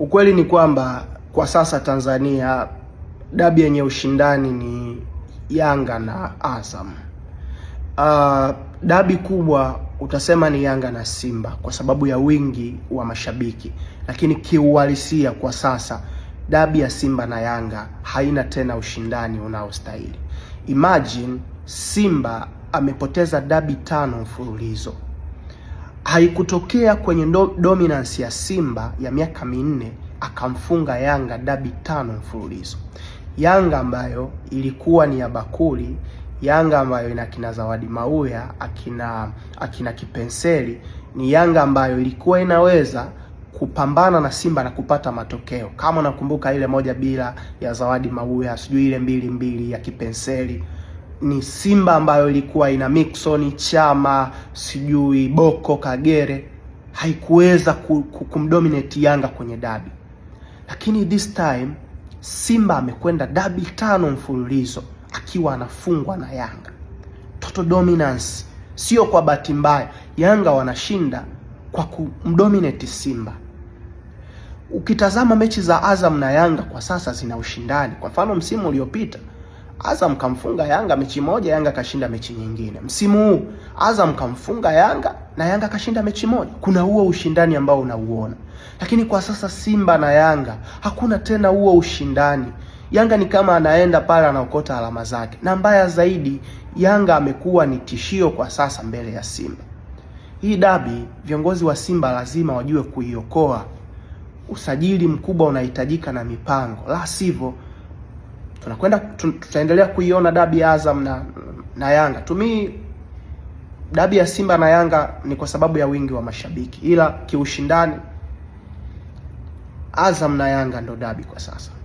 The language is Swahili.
Ukweli ni kwamba kwa sasa Tanzania dabi yenye ushindani ni Yanga na Azam. Uh, dabi kubwa utasema ni Yanga na Simba kwa sababu ya wingi wa mashabiki, lakini kiuhalisia kwa sasa dabi ya Simba na Yanga haina tena ushindani unaostahili. Imagine Simba amepoteza dabi tano mfululizo haikutokea kwenye do, dominance ya Simba ya miaka minne akamfunga Yanga dabi tano mfululizo. Yanga ambayo ilikuwa ni ya bakuli, Yanga ambayo ina akina Zawadi Mauya, akina akina Kipenseli, ni Yanga ambayo ilikuwa inaweza kupambana na Simba na kupata matokeo. Kama unakumbuka ile moja bila ya Zawadi Mauya, sijui ile mbili mbili ya Kipenseli ni Simba ambayo ilikuwa ina Mixon, Chama, sijui boko Kagere, haikuweza kumdominate Yanga kwenye dabi, lakini this time Simba amekwenda dabi tano mfululizo akiwa anafungwa na Yanga. Total dominance, sio kwa bahati mbaya. Yanga wanashinda kwa kumdominate Simba. Ukitazama mechi za Azam na Yanga kwa sasa zina ushindani. Kwa mfano msimu uliopita Azam kamfunga Yanga mechi moja, Yanga kashinda mechi nyingine. Msimu huu Azam kamfunga Yanga na Yanga kashinda mechi moja. Kuna huo ushindani ambao unauona, lakini kwa sasa Simba na Yanga hakuna tena huo ushindani. Yanga ni kama anaenda pale anaokota alama zake, na mbaya zaidi, Yanga amekuwa ni tishio kwa sasa mbele ya Simba. Hii dabi viongozi wa Simba lazima wajue kuiokoa. Usajili mkubwa unahitajika na mipango, la sivyo tunakwenda tutaendelea kuiona dabi ya Azam na, na Yanga. Tumi dabi ya Simba na Yanga ni kwa sababu ya wingi wa mashabiki, ila kiushindani Azam na Yanga ndo dabi kwa sasa.